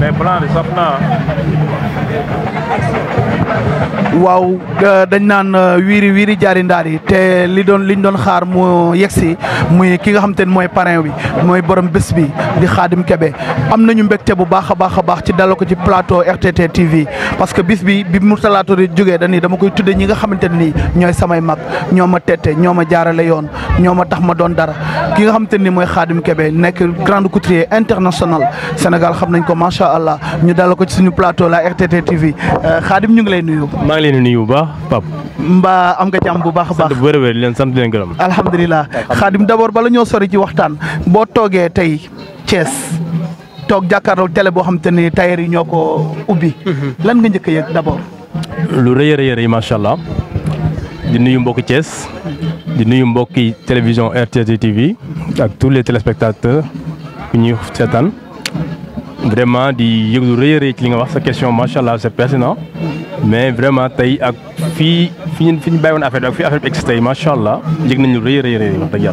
mais plan bi saf naa waaw euh, dañ naan euh, wiiri wiiri jaari ndaar yi te li doon liñ doon xaar mu yegsi muy ki nga xam te ne mooy parrain bi mooy borom bés bi di xaadim kebe am na ñu mbegte bu baax a baax a baax ci dalal ko ci plateau RTT TV parce que bis bi bi mu talaata jógee dañuy dama koy tuddee ñi nga xamante ni nii ñooy samay mag ñoo ma tette ñoo ma jaarale yoon ñoo ma tax ma doon dara ki nga xam te ne mooy xaadim kebe nekk grande couturier international Sénégal xam nañ ko macha allah ñu dalal ko ci suñu plateau la RTT TV xaadim euh, ñu ngi lay nuyu. maa ngi leen nuyu bu baax Pape. mbaa am nga jàmm bu baax a baax sant bu wërëwër leen sant leen gërëm. alhamdulilah xaadim d'abord bala ñoo sori ci waxtaan boo toogee tey Thiès toog jàkkaarloog télé boo xam te ni tailleur yi ñoo ko ubbi. lan nga njëkk a yëg d'abord. lu rëy a rëy rëy macha allah di nuyu mbokki Thiès di nuyu mbokki télévision RTT TV ak tous les téléspectateurs yu ñuy seetaan. vraiment di yëg lu rëy a rëy ci li nga wax sa question macha allah c'est pertinent mais vraiment tey ak fii fi ñu fi ñu bàyyi woon affaire bi ak fii affaire bi egsi tey macha allah yëg nañu rëy a rëy rëy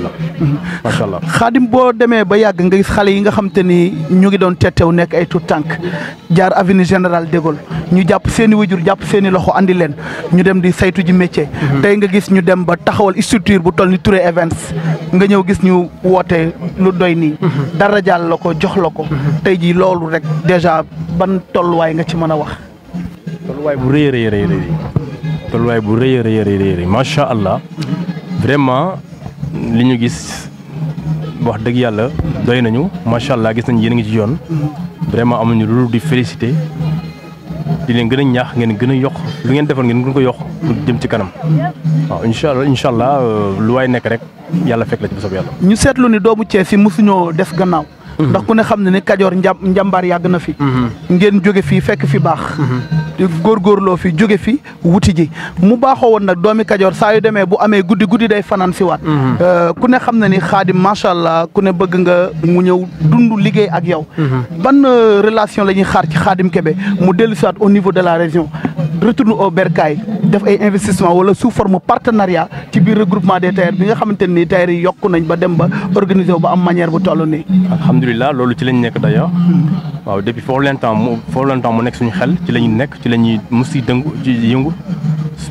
wax xaadim boo demee ba yàgg nga gis xale yi nga xam te ni ñu ngi doon teetew nekk ay tout tànk jaar avenue général de Gaulle ñu jàpp seen i wajur jàpp seeni i loxo andi leen ñu dem di saytu ji métier. Mhm. tey nga gis ñu dem ba taxawal structure bu toll ni ture Events nga ñëw gis ñu woote lu doy nii. Mhm. dara jàll la jox la ko mhm. loolu rek déjà ban tolluwaay nga ci mën a wax. tolluwaay bu rëy a rëy rëy rëy bu rëy a rëy macha allah vraiment li ñu gis wax dëgg yàlla doy nañu macha allah gis nañ yéen a ngi ci yoon. vraiment amuñu loolu di félicité di leen gën a ñaax ngeen gën a yokk lu ngeen defoon ngeen gën ko yokk pour jëm ci kanam waaw incha allah incha allah euh, lu waay nekk rek yàlla fekk la ci bu soobee yàlla. ñu seetlu ni doomu Cees yi mosuñoo des gannaaw. ndax ku ne xam ne ne kajoor njam njàmbaar yàgg na fi mm-hmm. ngeen jóge fii fekk fi baax mm-hmm. góor góorloo fi jóge fi wuti ji mu baaxoo woon nag doomi kajoor saa yu demee bu amee guddi guddi day fanaan si waat mhm. euh, ku ne xam na ni xaadim macha allah ku ne bëgg nga mu ñëw dund liggéey ak yow mhm. ban euh, relation la ñuy xaar ci xaadim kebe mu dellu si waat au niveau de la région retourne au bercail def ay investissement wala sous forme partenariat ci biir regroupement des tailleurs bi nga xamante ne nii tailleurs yokku nañ ba dem ba organiser wu ba am manière bu toll nii alhamdulilah loolu ci lañ nekk d'ailleurs mhm. waaw depuis foofu longtemps mu foofu longtemps mu nekk suñu xel ci la ñuy nekk ci la ñuy mus dëngu ci yëngu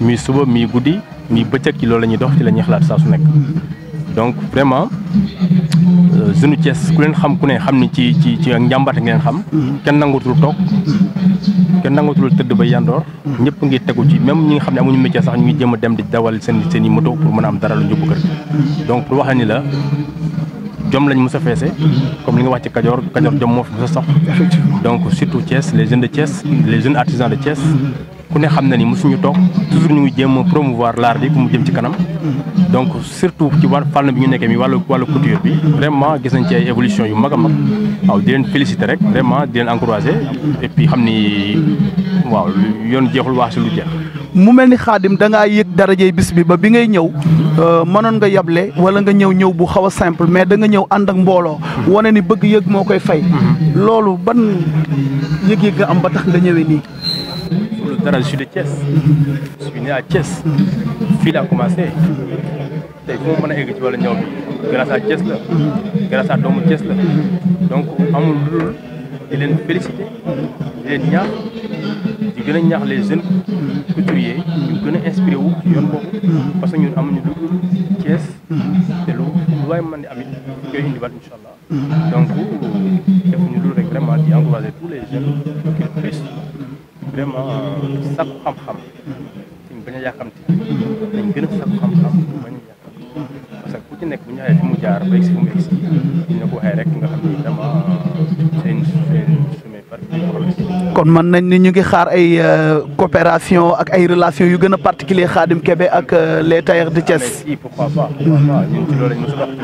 muy suba mi guddi mi bëccëg ci loolu la ñuy dox ci la ñuy xalaat saa su nekk. donc vraiment euh, jeune Thiès ku leen xam ku ne xam ni ci ci ci ak njàmbaate ngeen xam. kenn nangutul toog kenn nangutul tëdd ba yandoor. ñëpp ngi tegu ci même ñi nga xam ne amuñu métier sax ñu ngi jéem a dem di dawal seen seen i moto pour mën a am dara lu ñu bëgg donc pour wax ni la. jom lañ mos sa feese comme li nga wax ci Kajoor Kajoor jom moo fi mos a sax donc surtout Thiès les jeunes de Thiès les jeunes artisans de Thiès ku ne xam na ni mosuñu toog toujours ñu ngi jéem a promouvoir l'art bi pour mu jëm ci kanam mm-hmm. donc surtout ci wàllu fànn bi ñu nekkee mi wàllu wàllu couture bi vraiment gis nañ ci ay évolution yu mag a mag mm-hmm. waaw di leen féliciter rek vraiment di leen encourager et xam ni waaw yoon jeexul wax si lu jeex mu mel ni xaadim da ngaa yëg darajey bis bi ba bi ngay ñëw euh, mënoon nga yable wala nga ñëw ñëw bu xaw a simple mais da nga ñëw ànd ak mbooloo wane ni bëgg yëg moo koy fay loolu ban yëg-yëg am ba tax nga ñëwee nii dara je suis de Thiès je suis né à Thiès fii laa commencé tey fu ma mën a egg ci wàllu ñëw bi grâce à la grâce à doomu la donc amul di leen félicité di leen ñaax di gën a ñaax les jeunes couturiers ñu gën a inspiré wu yoon boobu parce que ñun amuñu lu dul Thiès te lu waaye mën di amit koy indiwaat incha allah donc defuñu lu rek vraiment di encourager tous les jeunes qu'ils puissent vraiment euh, sàkku xam-xam te ñu bañ a yàkkamti dañ gën a sàkku xam-xam bañ a parce que ku ci nekk bu ñu xawee fi mu jaar ba egsi fu nga xam ni vraiment kon man nañ ni ñu ngi xaar ay euh, coopération ak ay relations yu gën a particulier Khadim Kébé ak euh, les tailleurs de Thiès. Mhm.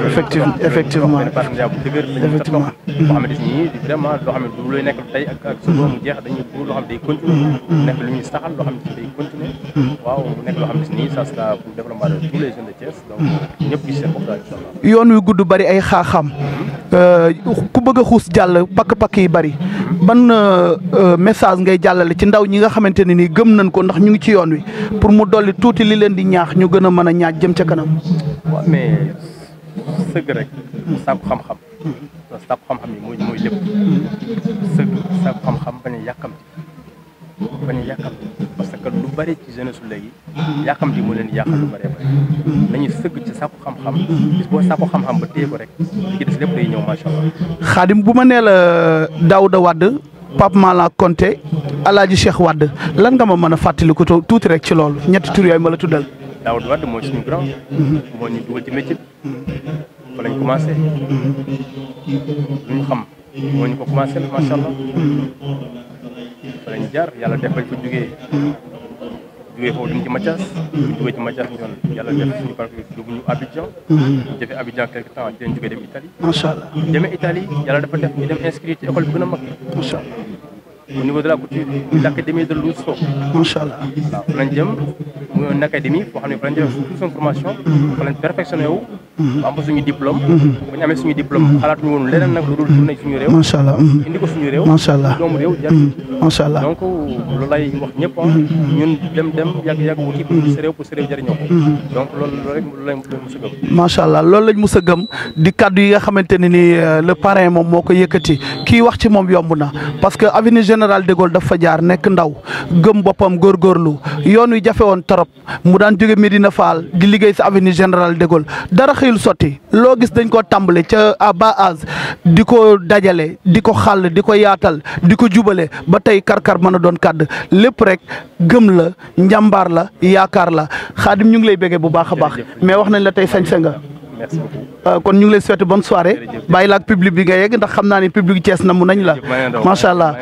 effectivement effectivement mhm. effectivement. Mhm. waaw mu nekk loo xam ne nii ça sera pour développement de tous les jeunes de Thiès. donc ñëpp gis yoon wi gudd bari ay xaaxaam euh, ku bëgg a xuus jàll pakk pakk yi bari ban. message ngay jàllale ci ndaw ñi nga xamante ne nii gëm nañ ko ndax ñu ngi ci yoon wi pour mu dolli tuuti li leen di ñaax ñu gën a mën a ñaaj jëm ca kanam. waaw mais sëgg rek. mu xam-xam. sàkku xam-xam yi mooy lépp. sëgg sàkku xam-xam bañ a yàkkamti a parce que lu bari ci jeunesse su léegi. yàkkamti mu leen di lu bari bari. nañu sëgg ci sàkku xam-xam. bis boo sàkku xam-xam ba téye rek li ci des day ñëw macha allah. xaadim bu ma nee la Daouda Wade Pape Malang Konté Alaaji Cheikh Wade lan nga ma mën a fàttaliku tuuti rek ci loolu ñetti tur ma la tuddal. Daawud Wade mooy suñu grand. Mhm. moo ñu dugal ci métier fa lañ commencé. Mhm. lu ñu xam moo ñu ko commencé la macha allah. Mhm. fa lañ jaar yàlla def bañ fa jugee. jugee foofu dem ci Mathias. ñu jugee ci Mathias ñoon yàlla def suñu parcours dugg ñu Abidjan. ñu defee Abidjan quelque temps dinañ jugee dem Italie. macha allah demee Italie yàlla dafa def ñu dem inscrit ci école a mag. au niveau de la couture de l'académie de Lousso. macha allah waaw fa lañ jëm mu une académie mhm. suñu diplôme. Mhm. bu ñu amee suñu diplôme mhm. xalaatuñu lu dul tourné suñu réew. macha allah indi ko suñu réew. macha allah doomu réew jàpp. macha allah dem dem yàgg yàgg wuti pour sa réew pour sa réew jëriñoo ko. di kaddu yi nga xamante ne ni euh, le parrain moom moo ko yëkkati kii wax ci moom yomb na parce que avenir général de dafa fa jaar nekk ndaw gëm boppam góorgóorlu yoon wi jafe woon trop mu daan jóge Medina Fall di liggéey si avenue général de Gaulle dara xëyul sotti loo gis dañ koo tàmbale ca à bas di ko dajale di ko xàll di ko yaatal di ko jubale ba tey karkar mën a doon kàdd lépp rek gëm la njàmbaar la yaakaar la xaadim ñu ngi lay béggee bu baax a baax mais wax nañ la tey sañ nga merci beaucoup euh, kon ñu ngi lay souhaité bonne soirée bàyyi la ak public bi nga yegg ndax xam naa ne public Thiès na mu nañ la macha allah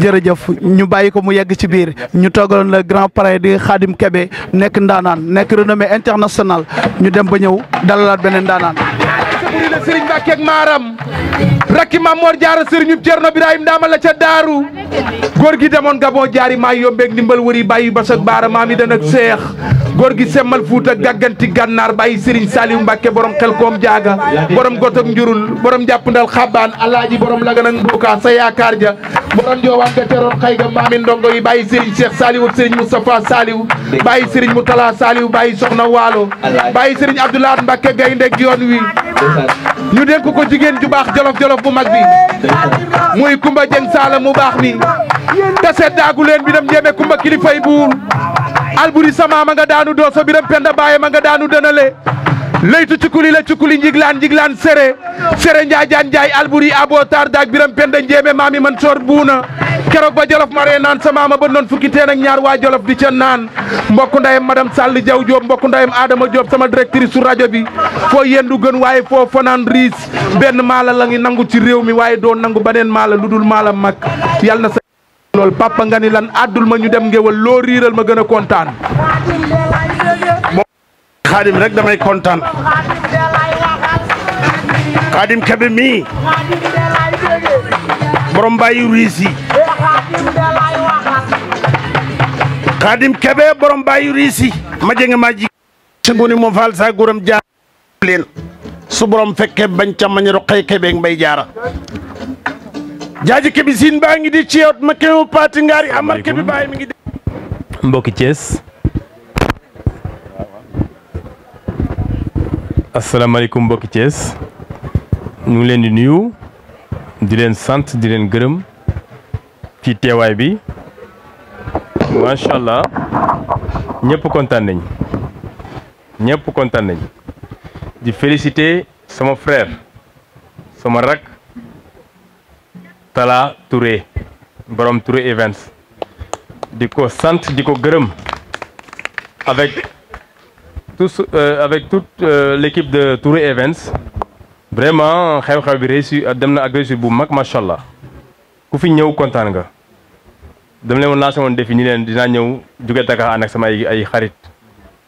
jërëjëf ñu bàyyi ko mu yegg ci biir ñu toogaloon la grand parrain di Khadim Kébé nekk ndaanaan nekk renommé international ñu dem ba ñëw dalalaat beneen ndaanaan. Serigne Mbacké ak Maram rakki Mamor Jaara sëriñub Cerno Birahim Ndaama la ca daaru góor gi demoon Gabon jaari maa yombeeg ndimbal wëri bàyyi ba sa baara maam yi dana seex góor gi semmal fuuta gàgganti gànnaar bàyyi sëriñ Saliou Mbàkke borom xel koom jaaga borom gotok njurul borom jàppandal xabaan alaaji borom lagan ak mbooka sa yaakaar ja borom joowaan ga teroon xay ga maami ndongo yi bàyyi sëriñ Cheikh Saliou ak sëriñ Moustapha Saliou bàyyi sëriñ Moutala Saliou bàyyi soxna waalo bàyyi sëriñ Abdoulaat Mbàkke ñu dénk ko jigéen ju baax jolof-jolof bu mag bi muy Kumba Jeng Saala mu baax mi te seet daagu leen biram ñeme Kumba kilifay buur Alburi sama ma nga daanu dooso biram penda baaye ma nga daanu dënale leytu cukuli la cukuli njiglaan njiglaan sere sere njaajaan njaay alburi abo tardaak biram penda njeeme maami man soor buuna keroog ba jolof mare naan sa ma ba noon fukki teen ak ñaar waa jolof di ca naan mbokku ndayem madame Sall Diaw Diop mbokku ndayem Adama Diop sama directrice su rajo bi foo yendu gën waaye foo fanaan riis benn maala la ngi nangu ci réew mi waaye doo nangu beneen maala lu dul maala mag yàlla na sa lool papa nga ni lan addul ma ñu dem ngéwal loo riiral ma gën a kontaan xaadim rek damay kontaan xaadim kebe mi borom bàyyi riis yi xaadim kebe borom bàyyi riis yi ma jege maa ji seguni moom faal saa góoram jaar leen su bañ càmmañ roqay kebeeg mbay jaara jaaji kebi siin baa ngi di ceewot ma kewu paati ngaari amar kebi baay mi ngi di mbokki Thiès asalaamaaleykum mbokki Thiès ñu ngi leen di nuyu di leen sant di leen gërëm ci teewaay bi macha allah ñëpp kontaan nañ ñëpp kontaan nañ di féliciter sama frère sama rak Talla Touré borom Touré Events di ko sant di ko gërëm avec. tous euh, avec toute euh, l'équipe de Touré Events vraiment xew-xew bi réussi euh, dem na ak bu mag macha allah ku fi ñëw kontaan nga dem leen woon lancé woon défi ni leen dinaa ñëw jóge Dakar ànd ak sama ay xarit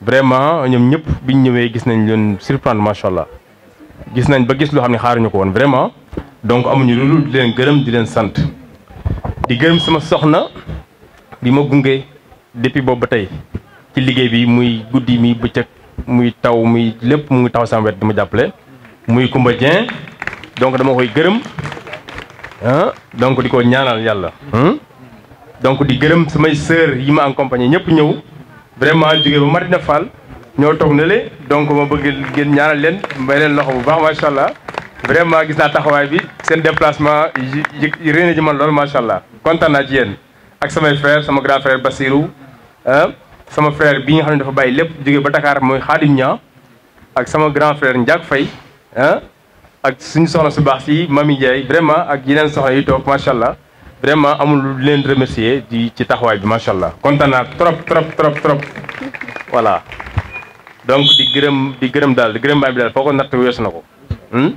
vraiment ñoom ñëpp bi ñu ñëwee gis nañ leen surprendre macha allah gis nañ ba gis loo xam ne xaaruñu ko woon vraiment donc amuñu loolu di leen gërëm di leen sant di gërëm sama soxna bi ma gunge depuis boobu ba tey ci liggéey bi muy guddi mi bëccëg muy taw muy lépp mu ngi taxaw sama wet ma jàppale muy Koumba Dieng donc dama koy gërëm ah donc di ko ñaanal yàlla hmm. donc di gërëm samay sœur yi ma accompagné ñëpp ñëw vraiment jóge ba na Fall ñoo toog na donc ma bëgg ngeen ñaanal leen may leen loxo bu baax macha allah vraiment gis naa taxawaay bi seen déplacement yi réew ji man loolu macha allah kontaan naa ak samay frère sama grand frère Basirou ah. sama frère bi nga xam ne dafa bàyyi lépp jóge ba Dakar mooy Khadim ñaa ak sama grand frère Ndiak Faye ak suñu soxna su baax si Mami Ndiaye vraiment ak yeneen soxna yi toog macha allah vraiment amul leen remercier di ci taxawaay bi macha allah kontaan naa trop trop trop trop voilà donc di gërëm di gërëm daal di gërëm baay bi daal weesu na ko hmm?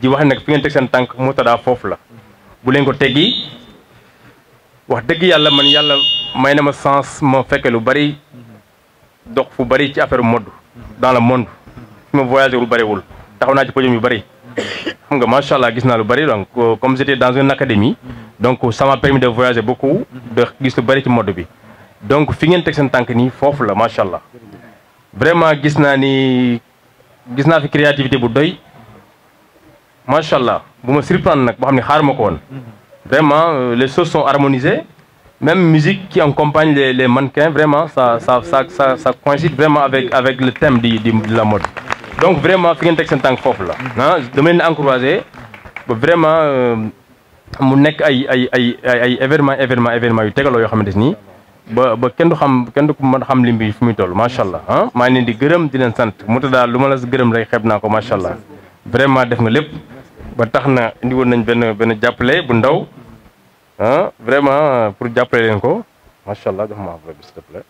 di wax nag fi ngeen teg seen tànk Murtada foofu la bu leen ko teggi wax dëgg yàlla man yàlla may na ma sens ma fekkee lu bari dox fu bari ci affaire mode dans le monde fi ma voyagé lu bariwul taxaw naa ci podium yu bari xam nga macha allah gis naa lu bari donc euh, comme j'étais dans une académie donc ça m'a permis de voyager beaucoup de gis lu bari ci mode bi donc fi ngeen teg seen tànk nii foofu la macha allah vraiment gis naa ni gis naa fi créativité bu doy macha bu ma surprendre nag boo xam ne xaar ma ko won vraiment euh, les choses sont harmonisées même musique qui accompagne les, man mannequins, vraiment, ça, ça, ça, ça, ça coïncide vraiment avec, avec le thème de, de, de la mode. Donc vraiment, fi ngeen teg seen tànk foofu la mm. ah dama leen encouragé ba vraiment euh, mu nekk ay ay ay ay événement événement événement yu tegaloo yoo xamante nii ba ba kenn du xam kenn du ko mën xam lim bi fu muy toll macha allah ah maa ngi leen di gërëm di sant mu daal lu ma la gërëm rek xeeb naa ko macha allah vraiment def nga lépp ba tax na indi woon nañ benn benn jàppale bu ndaw ah vraiment pour jàppale leen ko macha allah jox ma enveloppe bi s'il te plaît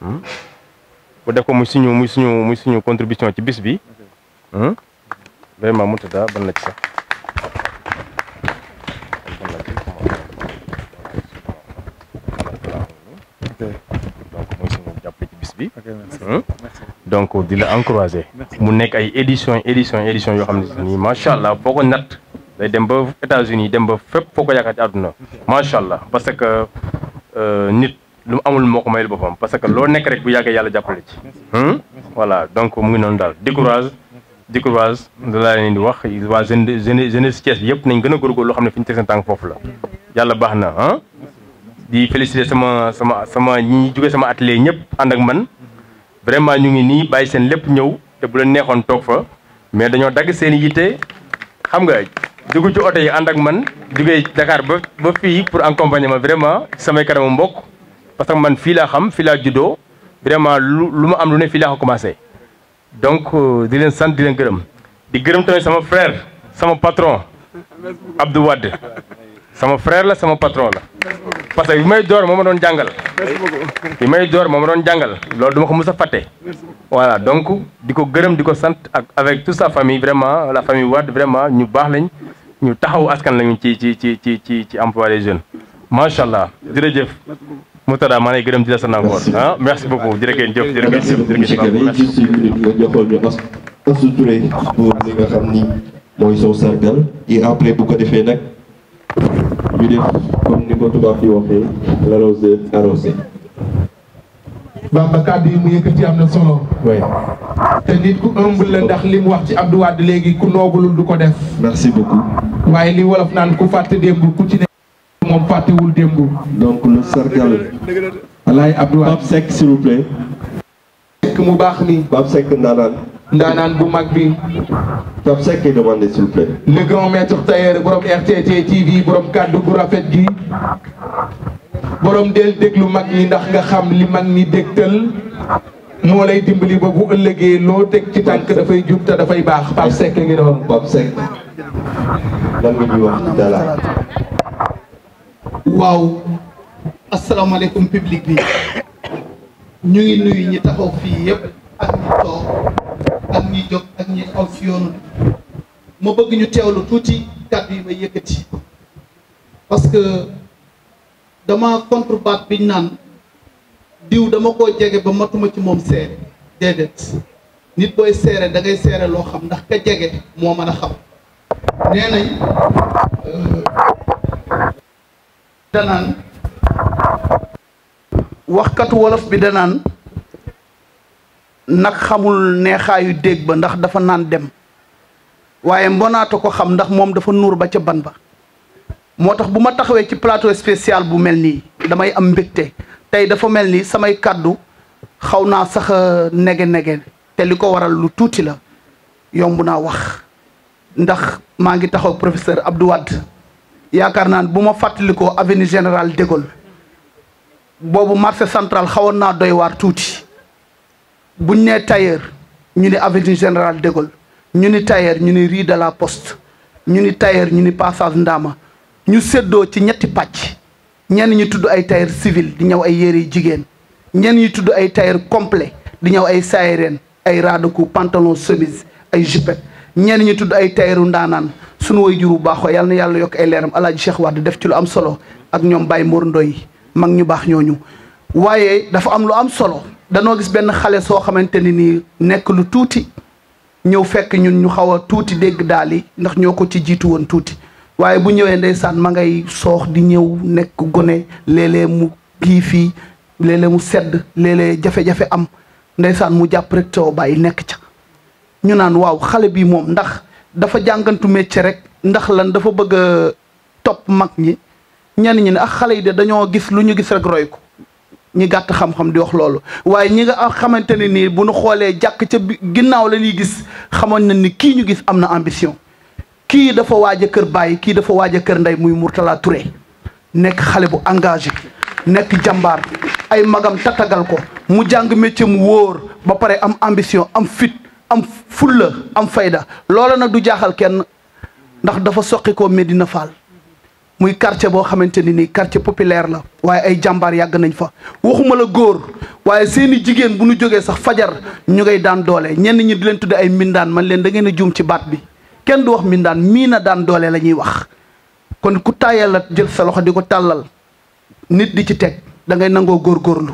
bu hmm? ko mu suñu muy suñu muy suñu contribution ci bis bi hmm? vraiment mu tëdda ban la ci sax bi hmm? donc di la encouragé mu nekk ay édition édition édition yoo xam ne nii macha allah foo nat day dem ba États-Unis dem ba fépp foo ko yaakaar ci àdduna macha allah parce que euh, nit lu mu amul moo ko mayal boppam parce que loo nekk rek bu yàggee yàlla jàppale ci hmm? voilà donc mu ngi noonu daal décourage décourage da laa leen di wax waa jeune jeunesse Thiès bi yëpp nañ gën a góorgóorlu loo xam ne fi ñu teg seen tànk foofu la yàlla baax na ah di féliciter sama sama sama ñi jógee sama atelier ñëpp ànd ak man vraiment ñu ngi nii bàyyi seen lépp ñëw te bu leen neexoon toog fa mais dañoo dagg seen yitte xam nga dugg ci oto yi ànd ak man jugee Dakar ba ba fii pour encompagner ma vraiment samay kanamu mbokk parce que man fii laa xam fii laa juddoo vraiment lu lu ma am lu ne fii laa ko commencé. donc euh, di leen sant di leen gërëm di gërëm tamit sama frère sama patron Abdou Wade. sama frère la sama patron la parce que bi may door moom ma doon jàngal bi may door moo ma doon jàngal loolu duma ko mës a fàtte voilà donc di ko gërëm di ko sant ak avec toute sa famille vraiment la famille Wade vraiment ñu baax lañ ñu taxaw askan lañu ci ci ci ci ci ci emploi des jeunes macha allah jërëjëf Moutada maa ngi lay gërëm di la sant encore ah merci beaucoup jërëngeen jëf jërëngeen jëf jërëngeen ko defee nag ñu def comme ni ko ba kàddu yi mu ci am na solo. oui. te nit ku ëmb la ndax li mu wax ci Abdou Wade léegi ku noogulul du ko def. merci beaucoup. waaye li wolof naan ku fàtte démb ku ci ne moom fàttewul démb. donc lu sargal. alaay Abdou Wade Pape Seck s'il vous mu baax ni Pape Seck ndaanaan. ndaanaan bu mag bi. Pape Seck est demandé s'il vous plaît. le grand maître tailleur borom RTT TV borom kàddu gu rafet gi. borom del déglu mag ñi ndax nga xam li mag ni dégtal. moo lay dimbali ba bu ëllëgee loo teg ci tànk dafay jub te dafay baax Pape Seck ngi noonu Pape Seck. lan nga ñuy wax ci Dalla. waaw. asalaamaaleykum public ñu ngi fii yëpp ak ñi toog. ñuy ak ñi aw ci yoonu ma tuuti kàddu yi may yëkkati parce que dama contre baat biñ naan diw dama koo jege ba matuma ci moom seere déedéet nit booy seere da ngay seere loo xam ndax ka jege moo mën a xam nee nañ euh, danaan waxkatu wolof bi danaan nag xamul neexaayu déeg ba ndax dafa naan dem waaye mbonaata ko xam ndax moom dafa nuur ba ca ban ba moo tax bu ma taxawee ci plateau spécial bu mel nii damay am mbégte tey dafa mel ni samay kàddu xaw naa sax a nege-nege te li ko waral lu tuuti la yomb naa wax ndax maa ngi taxaw professeur Abdou Wade yaakaar naa bu ma fàttalikoo avenue Général de Gaulle boobu marché central xawoon naa doy waar tuuti buñ nee tailleur ñu ni avenue Général de Gaulle ñu ni tailleur ñu ni rue de la Poste ñu ni tailleur ñu ni passage ndaama ñu séddoo ci ñetti pàcc ñenn ñu tudd ay tailleur civil di ñëw ay yére jigéen ñenn ñu tudd ay tailleur complet di ñëw ay sayreen ay raadaku pantalon chemise ay jupette ñenn ñu tudd ay tailleuru ndaanaan sunu way wu baaxoo yàlla na yàlla yokk ay leeram alaaji Cheikh Wade def ci lu am solo ak ñoom Baye Mor Ndoy mag ñu baax ñooñu waaye dafa am lu am solo danoo gis benn xale soo xamante ni nii nekk lu tuuti ñëw fekk ñun ñu xaw a tuuti dégg daal yi ndax ñoo ko ci jiitu woon tuuti waaye bu ñëwee ndeysaan ma ngay soox di ñëw nekk gone léeg mu kii fii léeg mu sedd léeg-léeg jafe-jafe am ndeysaan mu jàpp rek taw bàyyi nekk ca ñu naan waaw xale bi moom ndax dafa jàngantu métier rek ndax lan dafa bëgg a topp mag ñi ñenn ñi ne ak ah xale yi de dañoo gis lu ñu gis rek roy ko ñi gàtt xam-xam di wax loolu waaye ñi nga xamante ne nii bu nu xoolee jàkk ca ginnaaw la ñuy gis xamoon nañ ni kii ñu gis am na ambition kii dafa waaj a kër bàyyi kii dafa waaj a kër ndey muy Mourtala Touré nekk xale bu engagé nekk jàmbaar ay magam tatagal ko mu jàng métier mu wóor ba pare am ambition am fit am fulla am fayda loola nag du jaaxal kenn ndax dafa soqi ko Medina Fall muy quartier boo xamante ni nii quartier populaire la waaye ay jàmbaar yàgg nañ fa waxuma la góor waaye seeni jigéen bu ñu jógee sax fajar ñu ngay daan doole ñenn ñi di leen tudde ay mindaan man leen da ngeen juum ci baat bi kenn du wax mindaan mii na daan doole la ñuy wax kon ku tàyyal la jël sa loxo di ko tàllal nit di ci teg da ngay nangoo góorgóorlu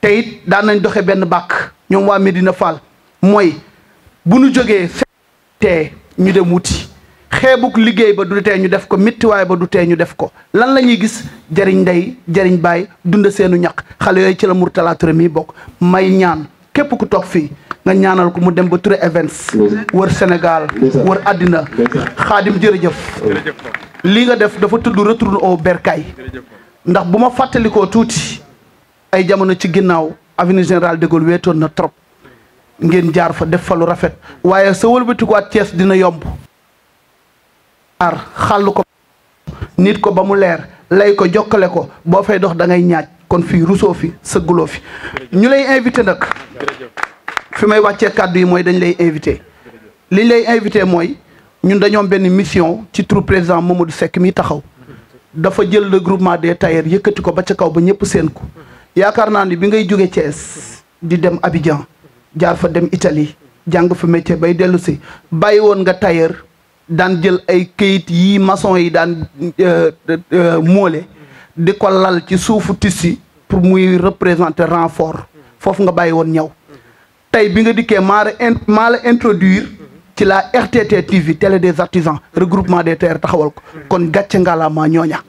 te it daan nañ doxe benn bàkk ñoom waa Medina Fall mooy bu ñu jógee te ñu dem wuti xeebuk liggéey ba du tee ñu def ko méttiwaay ba du tee ñu def ko lan la ñuy gis jariñ ndey jëriñ baay dund seenu ñaq xale yooyu ci la Mourtalla Touré mii bokk may ñaan képp ku toog fii nga ñaanal ko mu dem ba Touré Events wër Sénégal war àddina xaadim jërëjëf lii nga def dafa tudd retourne au bercail ndax bu ma fàttalikoo tuuti ay jamono ci ginnaaw avenue Général de Gaulle weetoon na trop ngeen jaar fa def fa lu rafet waaye sa wëlbatikuwaat Thiès dina yomb aar xàll ko nit ko ba mu leer lay ko jokkale ko boo fay dox da ngay ñaaj kon fii rusoo fi sëgguloo fi ñu lay invité nag fi may wàccee kàddu yi mooy dañ lay invité li ñu lay invité mooy ñun dañoo benn mission ci turu président moom Mamadou sekk mi taxaw dafa jël le groupement des tailleurs yëkkati ko ba ca kaw ba ñëpp seen ko yaakaar naa ni bi ngay jóge Thiès di dem Abidjan jaar fa dem Italie jàng fa métier bay dellusi bàyyi woon nga tailleur daan jël ay kayit yi maçon yi daan euh, euh, euh, moole di ko lal ci suufu tissu pour muy représenter renfort foofu nga bàyyi woon ñaw tey bi nga dikkee maa maa la introduire ci la RTT TV télé des artisans regroupement des terres taxawal ko kon gàcce ngalaama ñooña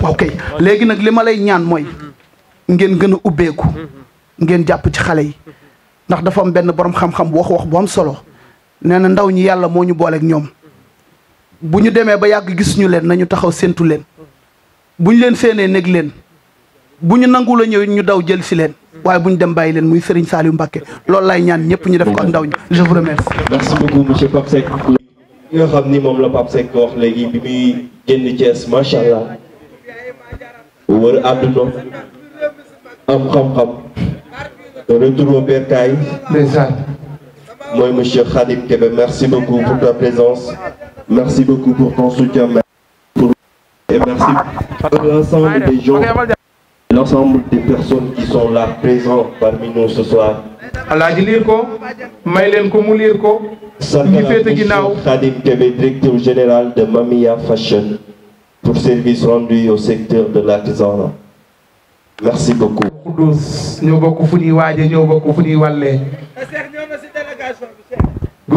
waaw kay léegi nag li ma lay ñaan mooy ngeen gën a ubbeeku ngeen jàpp ci xale yi ndax dafa am benn borom xam-xam wax wax bu am solo nee na ndaw ñi yàlla moo ñu booleek ñoom bu ñu demee ba yàgg gisuñu ñu leen nañu taxaw séntu leen bu ñu leen séenee nég leen bu ñu nangu la ñëw ñu daw jël si leen waaye bu ñu dem bàyyi leen muy Serigne Saliou Mbacké loolu lay ñaan ñëpp ñu def ko ak ndaw ñi je vous remercie. merci ni moom la Pape Seck wax léegi bi muy génn Thiès macha allah wër àdduna am xam-xam retour au bercail. mooy monsieur Khadim Kébé merci beaucoup pour ta présence merci beaucoup pour ton soutien et merci à l'ensemble des gens l'ensemble des personnes qui sont là présentes parmi nous ce soir alaaji liir ko may leen ko mu liir ko ñu féete ginnaaw Khadim Kébé directeur général de Mamia Fashion pour service rendu au secteur de l'artisanat merci beaucoup ñoo bokk fu ñuy waaje ñoo bokk fu ñuy wàllee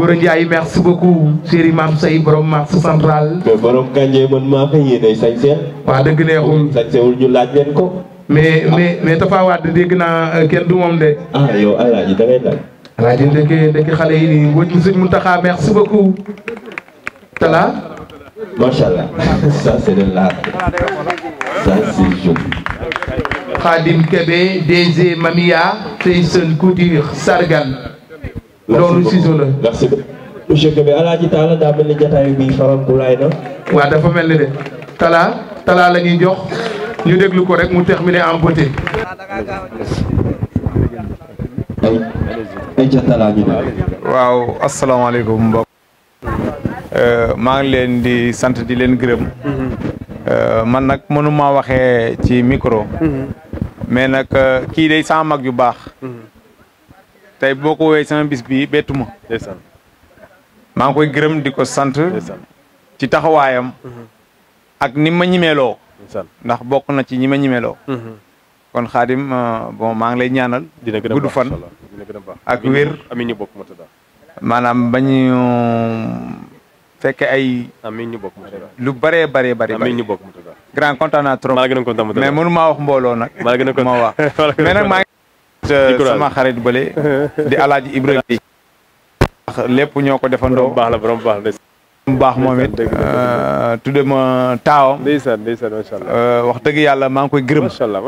Gora Ndiaye merci beaucoup Serigne Mame Say borom marché central. mais borom Kange man maa a yéene sañse. waaw dëgg neexul sañsewul ñu laaj leen ko. mais mais mais Tapha Wade dégg naa euh, kenn du moom de. ah yow alaaji da ngay laaj. alaaji ndeke ndeke xale yi nii wëcc na sëñ Mountakha merci beaucoup. Talla. macha allah ça c'est de l'art ça c'est joli. Khadim Kebe DG Mamia Tyson Couture Sargan. loolu ciseau la. merci monsieur mel na. dafa mel ni de Talla Talla jox ñu déglu ko rek mu terminé en beauté. ay ay Talla ñu asalaamaaleykum mbokk. Euh, maa ngi leen di sant di leen gërëm. Euh, man nag mënuma waxee ci micro. Mhm. mais nag euh, kii day sama mag yu baax. Mhm. tey boo ko woowee sama bis bii bettu ma. maa ngi koy gërëm di ko sant. ci taxawaayam. Mm-hmm. ak ni ma ñimeeloo. ndax bokk na ci ñi ma ñimeeloo. Mm-hmm. kon xaadim euh, bon maa ngi lay ñaanal. dina gën a gudd fan ak wér. amiin ñu bokk Mourtada maanaam bañu euh, fekke ay. amiin ñu bokk lu bëree bëree bëri. ñu bokk grand kontaan naa trop. a kontaan Mourtada mais mënu wax mbooloo nag. sama xarit bële di alaaji Ibrahima lépp ñoo ko defandoo baax la borom baax la baax moom it euh, tudde ma taawam ndeysaan ndeysaan macha allah euh, wax dëgg yàlla maa ngi koy gërëm macha allah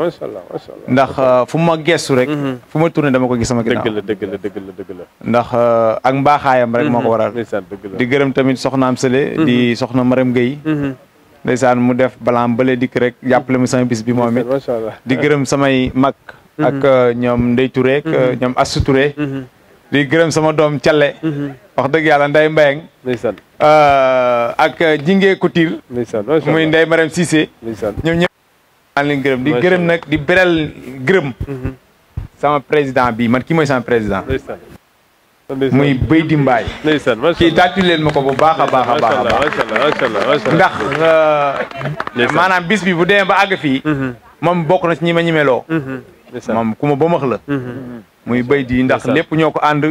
ndax euh, fu ma gestu rek mm-hmm. fu ma tourné dama ko gis sama ginnaaw dëgg la dëgg la dëgg la dëgg la ndax ak mbaaxaayam rek moo ko mm-hmm. waral dëgg di gërëm tamit soxnaam sële mm-hmm. di soxna Maram Gueye ndeysaan mu def balaam bële dikk rek jàppale ma sama bis bi moom it di gërëm samay mag ak mm-hmm. euh, ñoom Ndeye Touré ak euh, mm-hmm. ñoom Assou Touré. Mm-hmm. gërëm sama doom Thialé. wax dëgg yàlla Ndeye Mbayang. ndeysaan euh, ak Jingé Couture. ndeysaan muy Ndeye Marème Cissé. ndeysaan ñoom ñëpp maa leen gërëm di gërëm nag di beral gërëm. sama président bi man ki mooy sama président. muy béy di mbaay. kii tàccu leen ma ko bu baax a baax a a ndax maanaam bis bi bu demee ba àgg fii. moom bokk na ci ñi ma ñemeloo. moom ku ma ba max la mm-hmm. muy béy di ndax lépp ñoo ko ànd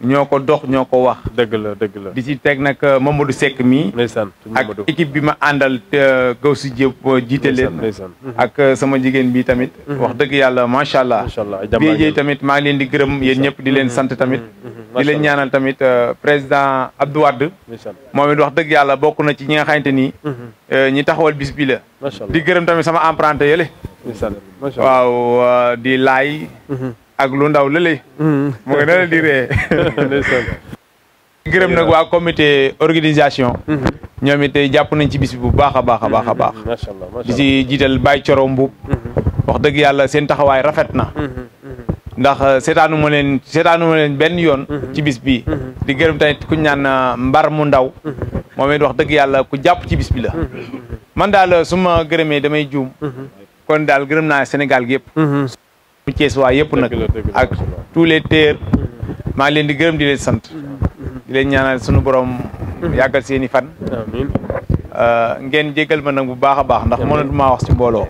ñoo ko dox ñoo ko wax dëgg la dëgg la di ci teg nag euh, Mamadou Seck mii ak équipe bi ma àndal gaw si jëpp jiite leen mhm. ak euh, sama jigéen bi tamit mhm. wax dëgg yàlla macha allah bii jéey tamit maa ngi leen di gërëm yéen ñëpp di leen mhm. sant tamit di leen ñaanal tamit euh, président Abdou Wade moom it wax dëgg yàlla bokk na ci ñi nga xamante nii ñi taxawal bis bi la di gërëm tamit sama emprunté yële waaw di laay ak lu ndaw lële. Hmm. mu ngi ne la di gërëm nag waa comité organisation. Hmm. ñoom it jàpp nañ ci bis bu baax a baax a baax a hmm. baax. macha allah di si jiital Baye Coro Mbuub. wax dëgg yàlla seen taxawaay rafet na. ndax euh, seetaanu ma leen benn yoon. ci bis bi di gërëm tamit ku ñaan euh, mbar mu ndaw. moom it wax dëgg yàlla ku jàpp ci bis bi la. man daal euh, suma ma gërëmee damay juum. kon daal gërëm naa Sénégal gi yëpp. Thiès waa yëpp nag ak tous les terres maa ngi leen di gërëm di leen sant di leen ñaanal sunu borom yàggal seeni i fan euh, ngeen jégal ma nag bu baax a baax ndax ma wax si mbooloo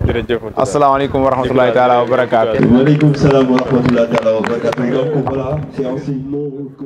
asalaamaaleykum wa rahmatulahi taala wa barakaatu waaleykum salaam wa rahmatulahi taala wa barakaatu